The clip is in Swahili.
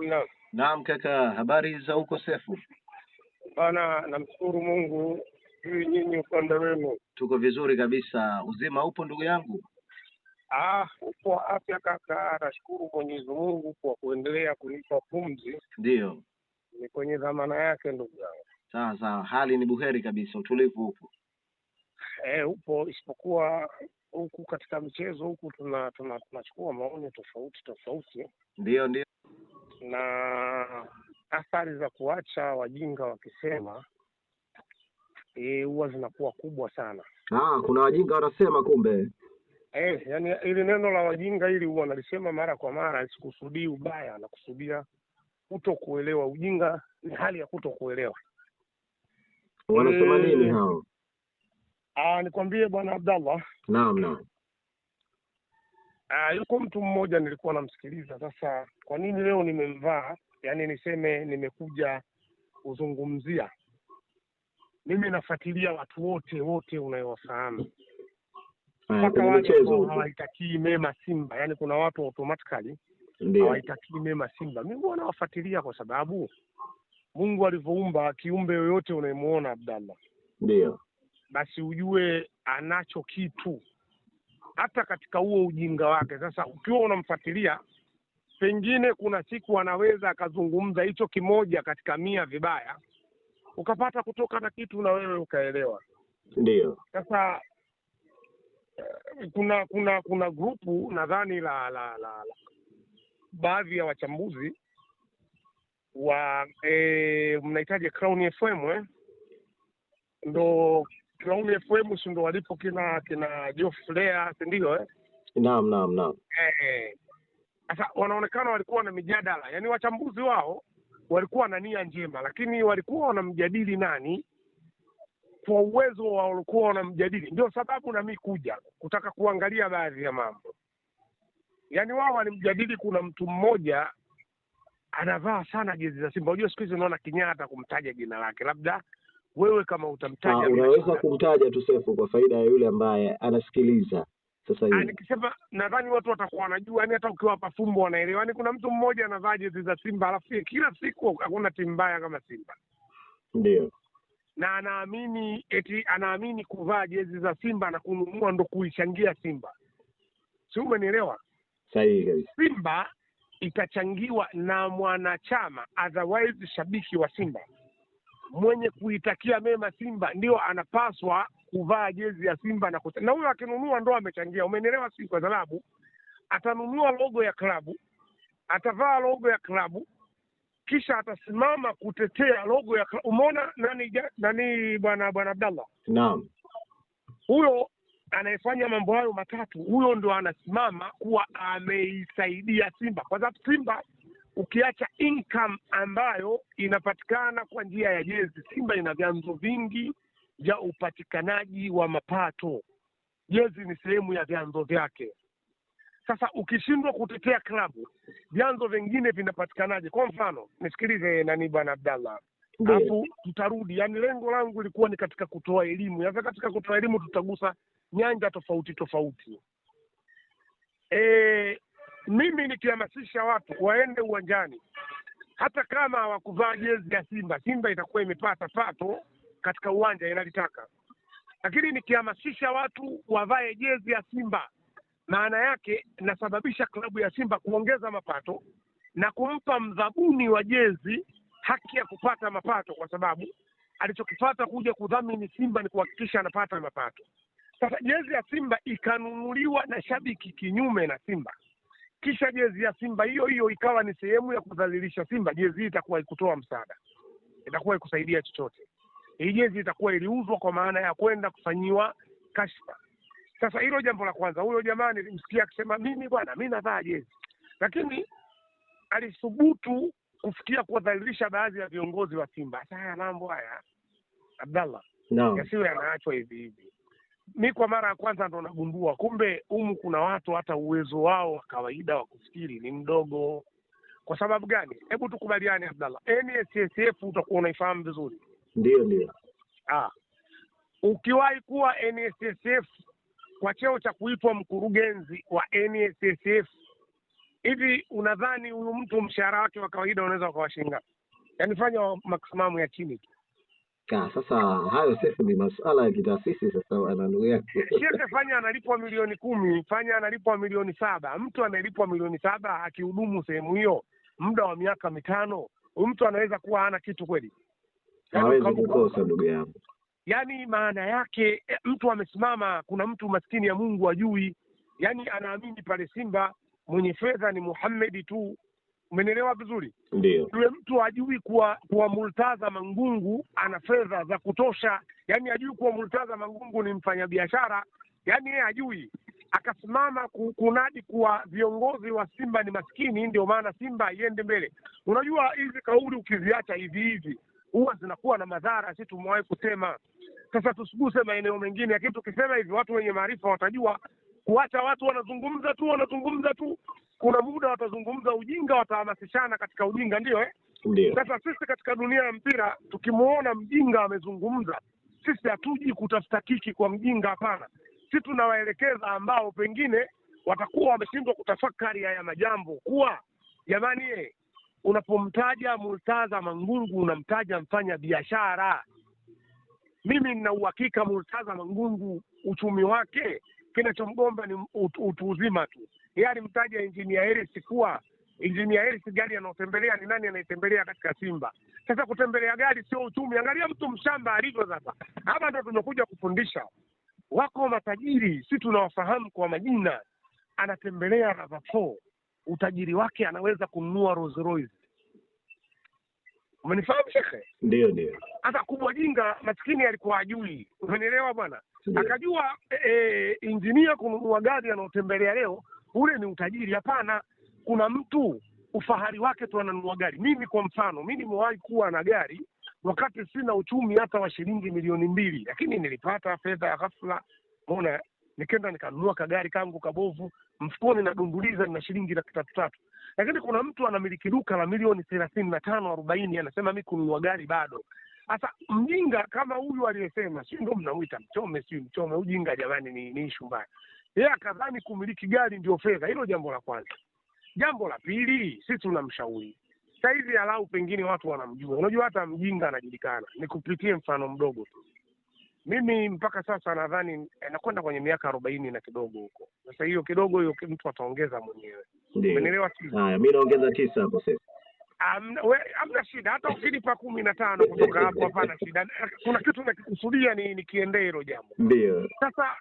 Naam, naam. Naam kaka, habari za ukosefu? Bana, namshukuru Mungu juu nyinyi upande wenu. Tuko vizuri kabisa. Uzima upo ndugu yangu? Ah, upo afya kaka. Nashukuru Mwenyezi Mungu kwa kuendelea kunipa pumzi. ndio Ni kwenye dhamana yake ndugu yangu. Sawa sawa, hali ni buheri kabisa, utulivu upo? Eh, upo isipokuwa huku katika michezo huku tunachukua tuna, tuna maoni tofauti tofauti. Ndio, ndio na athari za kuacha wajinga wakisema eh, huwa e, zinakuwa kubwa sana. Ah, kuna wajinga wanasema kumbe. Eh, yani ili neno la wajinga hili huwa nalisema mara kwa mara, sikusudii ubaya, nakusudia kutokuelewa. Ujinga ni hali ya kutokuelewa. Wanasema nini eh, hao? Ah, nikwambie bwana Abdallah. Naam, naam. Uh, ah, yuko mtu mmoja nilikuwa namsikiliza. Sasa kwa nini leo nimemvaa, yaani niseme nimekuja kuzungumzia, mimi nafuatilia watu wote wote unayowafahamu mpaka wale hawaitakii mema Simba, yaani kuna watu automatically hawaitakii mema Simba. Mimi huwa nawafuatilia kwa sababu Mungu alivyoumba kiumbe yoyote unayemuona Abdallah, ndio basi ujue anacho kitu hata katika huo ujinga wake. Sasa ukiwa unamfuatilia, pengine kuna siku anaweza akazungumza hicho kimoja katika mia vibaya, ukapata kutoka na kitu na wewe ukaelewa. Ndio sasa eh, kuna kuna kuna grupu nadhani la la, la, la baadhi ya wachambuzi wa e, eh, mnahitaji Crown FM eh? Ndo Tumaini FM ndo walipo kina kina Geoff Flea, si ndio eh? Naam, naam, naam. Eh, eh. Sasa wanaonekana walikuwa na mijadala, yaani wachambuzi wao walikuwa na nia njema, lakini walikuwa wanamjadili nani kwa uwezo wa walikuwa wanamjadili. Ndio sababu na mimi kuja kutaka kuangalia baadhi ya mambo, yaani wao walimjadili. Kuna mtu mmoja anavaa sana jezi za Simba. Unajua siku hizi unaona kinyata hata kumtaja jina lake, labda wewe kama utamtaja, ah, unaweza kumtaja tu Sefu kwa faida ya yule ambaye anasikiliza sasa hivi. Ah, nikisema nadhani watu watakuwa wanajua, yani hata ukiwapa fumbo wanaelewa. Yani kuna mtu mmoja anavaa jezi za Simba alafu kila siku hakuna timu mbaya kama Simba, ndio na anaamini eti anaamini kuvaa jezi za Simba na kununua ndo kuichangia Simba, si umenielewa? Sahihi kabisa. Simba itachangiwa na mwanachama, otherwise shabiki wa Simba mwenye kuitakia mema Simba ndio anapaswa kuvaa jezi ya Simba na kuta. na huyo akinunua ndo amechangia, umenielewa? Si kwa sababu atanunua logo ya klabu, atavaa logo ya klabu, kisha atasimama kutetea logo ya klabu. Umeona nani nani, bwana bwana Abdallah? Naam, huyo anayefanya mambo hayo matatu, huyo ndo anasimama kuwa ameisaidia Simba, kwa sababu Simba ukiacha income ambayo inapatikana kwa njia ya jezi. Simba ina vyanzo vingi vya upatikanaji wa mapato, jezi ni sehemu ya vyanzo vyake. Sasa ukishindwa kutetea klabu, vyanzo vingine vinapatikanaje? Kwa mfano, nisikilize nani, bwana Abdallah, alafu tutarudi. Yani lengo langu ilikuwa ni katika kutoa elimu. Sasa yaani katika kutoa elimu tutagusa nyanja tofauti tofauti. E, mimi nikihamasisha watu waende uwanjani, hata kama hawakuvaa jezi ya Simba, Simba itakuwa imepata pato katika uwanja inalitaka, lakini nikihamasisha watu wavae jezi ya Simba, maana yake nasababisha klabu ya Simba kuongeza mapato na kumpa mdhabuni wa jezi haki ya kupata mapato, kwa sababu alichokipata kuja kudhamini Simba ni kuhakikisha anapata mapato. Sasa jezi ya Simba ikanunuliwa na shabiki kinyume na Simba, kisha jezi ya Simba hiyo hiyo ikawa ni sehemu ya kudhalilisha Simba, jezi hii itakuwa ikutoa msaada, itakuwa ikusaidia chochote. Hii jezi itakuwa iliuzwa kwa maana ya kwenda kufanyiwa kashfa. Sasa hilo jambo la kwanza. Huyo jamaa nilimsikia akisema, mimi bwana, mi navaa jezi, lakini alithubutu kufikia kuwadhalilisha baadhi ya viongozi wa Simba. Sasa haya mambo haya, Abdallah, no. yasiwe yanaachwa hivi hivi mi kwa mara ya kwanza ndo nagundua kumbe humu kuna watu hata uwezo wao wa kawaida wa kufikiri ni mdogo. Kwa sababu gani? Hebu tukubaliane, Abdallah, NSSF utakuwa unaifahamu vizuri. Ndio, ndio. Ah, ukiwahi kuwa NSSF kwa cheo cha kuitwa mkurugenzi wa NSSF, hivi unadhani huyu mtu mshahara wake wa kawaida unaweza ukawa shilingi ngapi? Yaani fanya maksimamu ya chini tu Ka, sasa hayo sisi ni masuala ya kitaasisi sasa, ndugu yake fanya analipwa milioni kumi, fanya analipwa milioni saba. Mtu anayelipwa milioni saba akihudumu sehemu hiyo muda wa miaka mitano, mtu anaweza kuwa hana kitu kweli? Yaani Hawezi kukosa, ndugu yangu. Yaani maana yake e, mtu amesimama, kuna mtu maskini ya Mungu ajui, yaani anaamini pale Simba mwenye fedha ni Muhammedi tu Umenielewa vizuri? Ndio. Yule mtu hajui kuwa kuwa Murtaza Mangungu ana fedha za kutosha, yani hajui kuwa Murtaza Mangungu ni mfanyabiashara, yaani yeye hajui akasimama kunadi kuwa viongozi wa Simba ni maskini, ndio maana Simba iende mbele. Unajua hizi kauli ukiziacha hivi hivi huwa zinakuwa na madhara, si tumewahi kusema. Sasa tusiguse maeneo mengine, lakini tukisema hivi watu wenye maarifa watajua kuacha watu wanazungumza tu wanazungumza tu, kuna muda watazungumza ujinga, watahamasishana katika ujinga, ndio eh? Sasa sisi katika dunia ya mpira tukimwona mjinga amezungumza, sisi hatuji kutafuta kiki kwa mjinga, hapana. Sisi tunawaelekeza ambao pengine watakuwa wameshindwa kutafakari haya majambo, kuwa jamani, eh, unapomtaja Murtaza Mangungu unamtaja mfanya biashara. Mimi nina uhakika Murtaza Mangungu uchumi wake kinachomgomba ni utu uzima tu yeye alimtaja Injinia Hersi kuwa Injinia Hersi gari anaotembelea ni nani anaitembelea katika Simba. Sasa kutembelea gari sio uchumi. Angalia mtu mshamba alivyo sasa. Hapa ndo tumekuja kufundisha. Wako matajiri, si tunawafahamu kwa majina, anatembelea Ravafo, utajiri wake anaweza kununua Rolls Royce. Umenifahamu shekhe? Ndio, ndio. Hata kubwa jinga maskini alikuwa ajui, umenielewa bwana? Akajua e, e, injinia kununua gari anaotembelea leo ule ni utajiri. Hapana, kuna mtu ufahari wake tu ananunua gari. Mimi kwa mfano, mi nimewahi kuwa na gari wakati sina uchumi hata wa shilingi milioni mbili, lakini nilipata fedha ya ghafla, mona nikenda nikanunua kagari kangu kabovu, mfukoni nadunduliza na shilingi laki tatu tatu. Lakini kuna mtu anamiliki duka la milioni thelathini na tano arobaini, anasema mi kununua gari bado. Sasa mjinga kama huyu aliyesema, si ndo mnamwita mchome, si mchome. Ujinga jamani, ni, ni ishu mbaya yeye akadhani kumiliki gari ndio fedha. Hilo jambo la kwanza. Jambo la pili, sisi tunamshauri sasa hivi, alau pengine watu wanamjua. Unajua hata mjinga anajulikana. Nikupitie mfano mdogo tu. Mimi mpaka sasa nadhani nakwenda kwenye miaka arobaini na kidogo huko. Sasa hiyo kidogo hiyo mtu ataongeza mwenyewe, umenielewa? mimi naongeza tisa hapo sasa. Hamna shida, hata ukinipa kumi na tano kutoka hapo, hapana shida. Kuna kitu nakikusudia, ni nikiendea hilo jambo. Ndio sasa